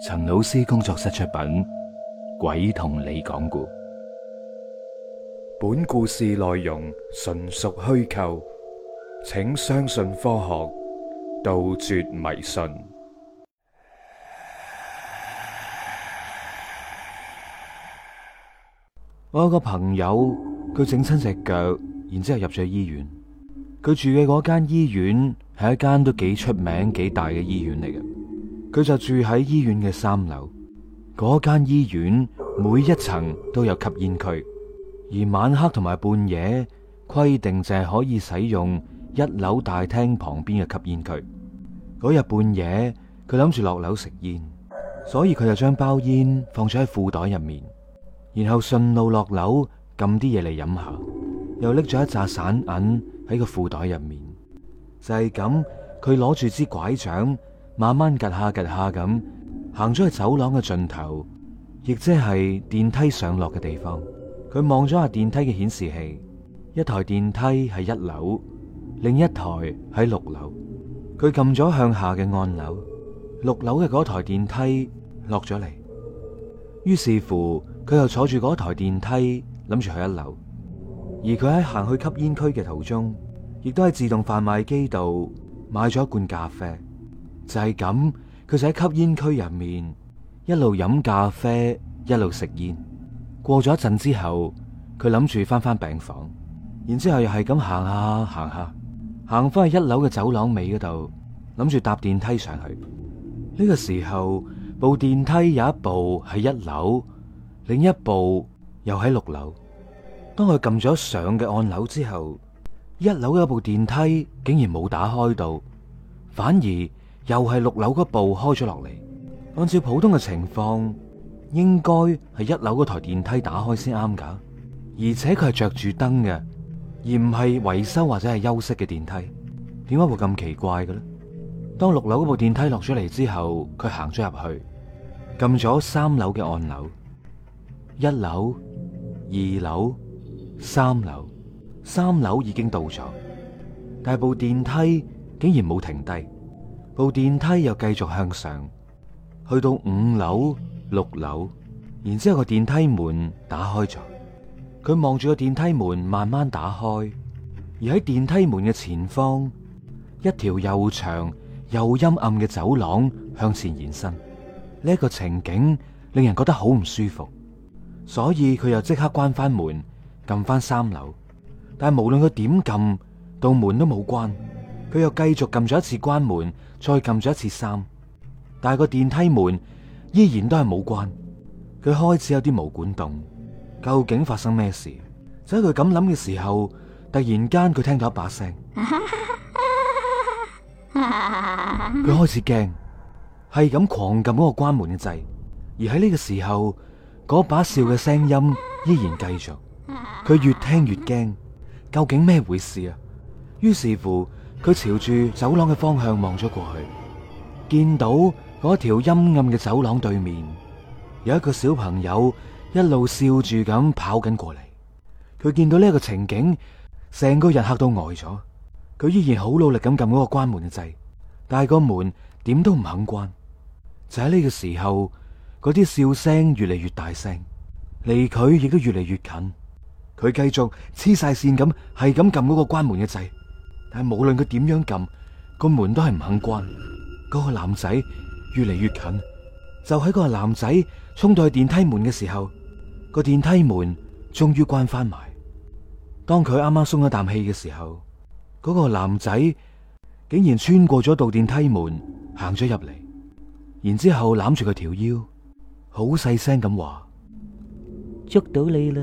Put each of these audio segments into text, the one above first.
陳老師工作室出品《鬼同你講故》，本故事內容純屬虛構，請相信科學，杜絕迷信。我有個朋友，佢整親隻腳，然之後入咗醫院。佢住嘅嗰間醫院係一間都幾出名，幾大嘅醫院嚟嘅。佢就住喺醫院嘅三樓，嗰間醫院每一層都有吸煙區，而晚黑同埋半夜規定就係可以使用一樓大廳旁邊嘅吸煙區。嗰日半夜，佢諗住落樓食煙，所以佢就將包煙放咗喺褲袋入面，然後順路落樓撳啲嘢嚟飲下，又拎咗一紮散銀喺個褲袋入面。就係咁，佢攞住支拐杖。慢慢趷下趷下咁行咗去走廊嘅盡頭，亦即係電梯上落嘅地方。佢望咗下電梯嘅顯示器，一台電梯喺一樓，另一台喺六樓。佢撳咗向下嘅按鈕，六樓嘅嗰台電梯落咗嚟。於是乎，佢又坐住嗰台電梯諗住去一樓。而佢喺行去吸煙區嘅途中，亦都喺自動販賣機度買咗一罐咖啡。就係咁，佢就喺吸煙區入面一路飲咖啡，一路食煙。過咗一陣之後，佢諗住翻返病房，然之後又係咁行下行下，行翻去一樓嘅走廊尾嗰度，諗住搭電梯上去。呢個時候，部電梯有一部喺一樓，另一部又喺六樓。當佢撳咗上嘅按鈕之後，一樓有部電梯竟然冇打開到，反而。又係六樓嗰部開咗落嚟。按照普通嘅情況，應該係一樓嗰台電梯打開先啱噶。而且佢係着住燈嘅，而唔係維修或者係休息嘅電梯。點解會咁奇怪嘅咧？當六樓嗰部電梯落咗嚟之後，佢行咗入去，撳咗三樓嘅按鈕，一樓、二樓、三樓，三樓已經到咗，但係部電梯竟然冇停低。部電梯又繼續向上，去到五樓、六樓，然之後個電梯門打開咗。佢望住個電梯門慢慢打開，而喺電梯門嘅前方，一條又長又陰暗嘅走廊向前延伸。呢個情景令人覺得好唔舒服，所以佢又即刻關翻門，撳翻三樓。但係無論佢點撳，度門都冇關。佢又繼續撳咗一次關門，再撳咗一次閂，但係個電梯門依然都係冇關。佢開始有啲無管動，究竟發生咩事？就喺佢咁諗嘅時候，突然間佢聽到一把聲，佢開始驚，係咁狂撳嗰個關門嘅掣。而喺呢個時候，嗰把笑嘅聲音依然繼續。佢越聽越驚，究竟咩回事啊？於是乎。佢朝住走廊嘅方向望咗過去，見到嗰條陰暗嘅走廊對面有一個小朋友一路笑住咁跑緊過嚟。佢見到呢個情景，成個人嚇到呆咗。佢依然好努力咁撳嗰個關門嘅掣，但係個門點都唔肯關。就喺呢個時候，嗰啲笑聲越嚟越大聲，離佢亦都越嚟越近。佢繼續黐晒綫咁係咁撳嗰個關門嘅掣。但係無論佢點樣撳個門都係唔肯關，嗰個男仔越嚟越近，就喺個男仔衝到去電梯門嘅時候，個電梯門終於關翻埋。當佢啱啱鬆咗啖氣嘅時候，嗰個男仔竟然穿過咗道電梯門行咗入嚟，然之後攬住佢條腰，好細聲咁話：捉到你啦！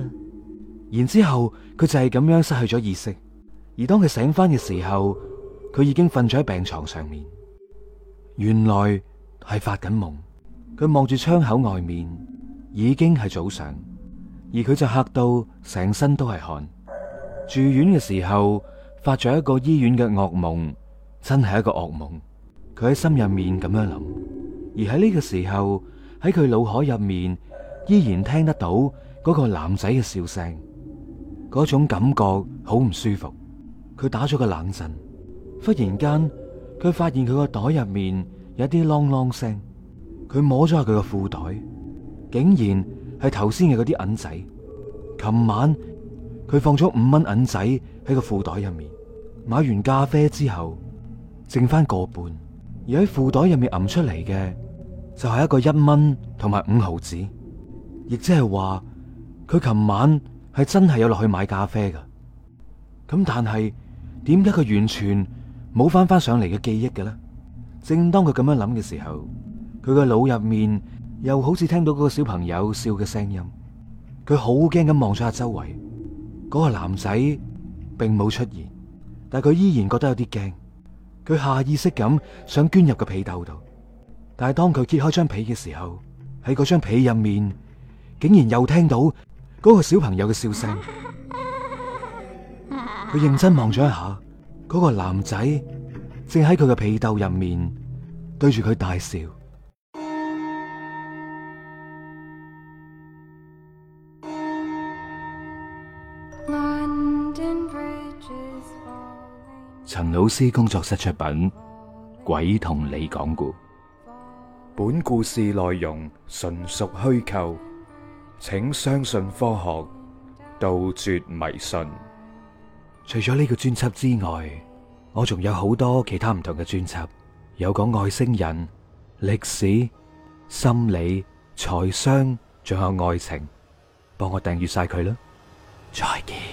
然之後佢就係咁樣失去咗意識。而當佢醒翻嘅時候，佢已經瞓咗喺病床上面。原來係發緊夢。佢望住窗口外面，已經係早上。而佢就嚇到成身都係汗。住院嘅時候發咗一個醫院嘅惡夢，真係一個惡夢。佢喺心入面咁樣諗。而喺呢個時候，喺佢腦海入面依然聽得到嗰個男仔嘅笑聲。嗰種感覺好唔舒服。佢打咗個冷震，忽然間佢發現佢個袋入面有啲啷啷聲。佢摸咗下佢個褲袋，竟然係頭先嘅嗰啲銀仔。琴晚佢放咗五蚊銀仔喺個褲袋入面，買完咖啡之後剩翻個半。而喺褲袋入面揞出嚟嘅就係一個一蚊同埋五毫子，亦即係話佢琴晚係真係有落去買咖啡噶。咁但係。點解佢完全冇翻翻上嚟嘅記憶嘅咧？正當佢咁樣諗嘅時候，佢個腦入面又好似聽到嗰個小朋友笑嘅聲音。佢好驚咁望咗下周圍，嗰個男仔並冇出現，但係佢依然覺得有啲驚。佢下意識咁想捐入個被竇度，但係當佢揭開張被嘅時候，喺嗰張被入面竟然又聽到嗰個小朋友嘅笑聲。佢認真望咗一下，嗰個男仔正喺佢嘅被竇入面，對住佢大笑。陳老師工作室出品，《鬼同你講故》。本故事內容純屬虛構，請相信科學，杜絕迷信。除咗呢個專輯之外，我仲有好多其他唔同嘅專輯，有講外星人、歷史、心理、財商，仲有愛情，幫我訂閱晒佢啦，再見。